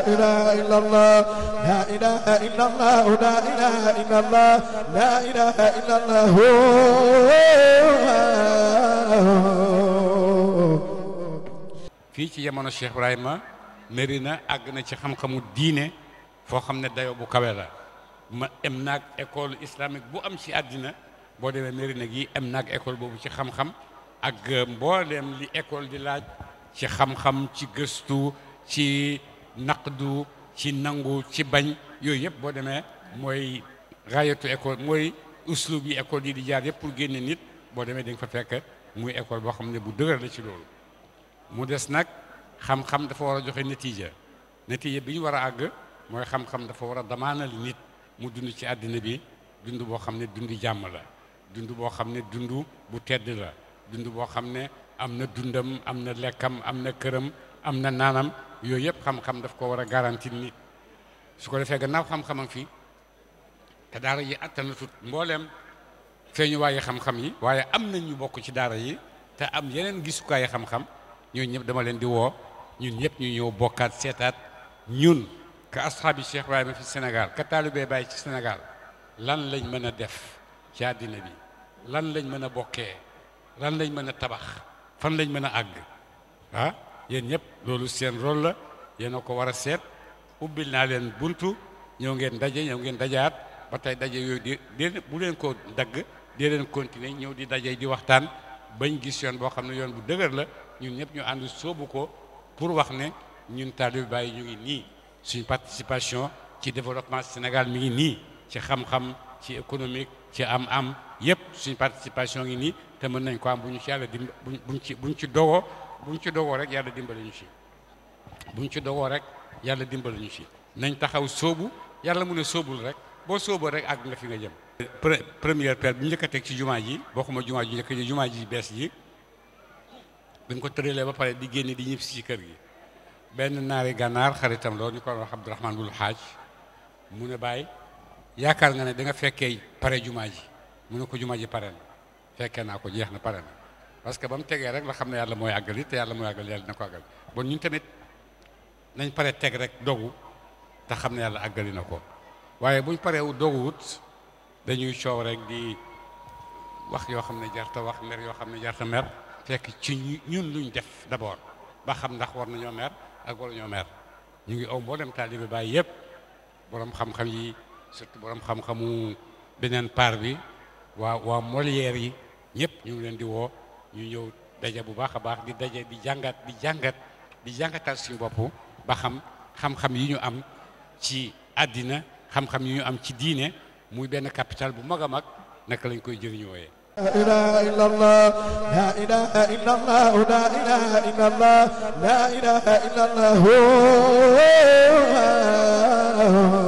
إله إلا الله لا إله إلا الله لا إله إلا الله fii ci jamono Cheikh Ibrahima Merina àgg na ci xam-xamu diine foo xam ne dayo bu kawe la ma am naag école bu am ci àddina boo demee Merina gi am naag école boobu ci xam-xam ak mbooleem li école di laaj ci xam-xam ci gëstu ci du ci nangu ci bañ yooyu yëpp boo demee mooy raayatu école mooy uslub yi école yi di jaar yëpp pour génne nit boo demee dañ fa fekk muy école boo xam ne bu dëgër la ci loolu mu des nag xam-xam dafa war a joxe natiija natiija bi ñu war a àgg mooy xam-xam dafa war a damaanal nit mu dund ci àddina bi dund boo xam ne dund jàmm la dund boo xam ne dund bu tedd la dund boo xam ne am na dundam am na lekkam am na këram am na naanam yooyu yëpp xam-xam daf ko war a garanti nit su ko defee gannaaw xam-xamam fii te daara yi attanatut mbooleem feeñu waaye xam-xam yi waaye am nañ ñu bokk ci daara yi te am yeneen gisukaay xam-xam ñoo ñëpp dama leen di woo ñun ñëpp ñu ñëw bokkaat seetaat ñun ka asxaabi Cheikh Ibrahima fi Sénégal ka taalibee bàyyi ci Sénégal lan lañ mën a def ci àddina bi lan lañ mën a bokkee lan lañ mën a tabax fan lañ mën a àgg ah? yéen ñëpp loolu seen rôle la yéen a ko war a seet ubbil naa leen buntu ñëw ngeen daje ñëw ngeen dajaat ba tey daje yooyu di bu leen ko dagg dee leen continuer ñëw di daje di waxtaan bañ gis yoon boo xam ne yoon bu dëgër la ñun ñëpp ñu ànd soobu ko pour wax ne ñun taalibe Baay ñu ngi nii suñ participation ci développement Sénégal mi ngi nii ci xam-xam ci économique ci am-am yëpp suñ participation ngi nii te mën nañ ko am bu ñu ci yàlla di buñ ci buñ ci dogoo buñ ci dogoo rek yàlla dimbali ñu si buñ ci dogoo rek yàlla dimbali ñu si nañ taxaw sóobu yàlla mu ne sóobul rek boo sóoboo rek ak nga fi nga jëm. première pierre bi njëkk a teg ci jumaa ji bokkuma jumaa ji njëkk ji jumaa ji bees ji dañ ko tëralee ba pare di génne di ñib si ci kër gi benn naari gànnaar xaritam loolu ñu ko wax Abdourahman bul xaaj mu ne bàyyi yaakaar nga ne danga fekkee pare jumaa ji mu ne ko jumaa ji pare na fekkee naa ko jeex na pare na parce que ba mu tegee rek la xam ne yàlla mooy àggali te yàlla mooy àggal yàlla dina ko àggal bon ñun tamit nañ pare teg rek dogu te xam ne yàlla àggali na ko waaye buñ pareewu doguwut dañuy coow rek di wax yoo xam ne jarta wax mer yoo xam ne jarta mer fekk ci ñun luñ def d'abord ba xam ndax war nañoo mer ak wala ñoo mer ñu ngi aw mboolem taalibe Baay yépp borom xam-xam yi surtout borom xam-xamu beneen par bi waa waa yi ñëpp ñu ngi leen di woo ñu ñëw daje bu baax a baax di daje di jàngat di jàngat di jàngataat suñu bopp ba xam xam-xam yi ñu am ci àddina xam-xam yi ñu am ci diine muy benn capital bu mag a mag naka lañ koy jëriñooyee. la ilaha illa la ilaha illa allah la ilaha illa allah la ilaha illa allah oh, oh, oh.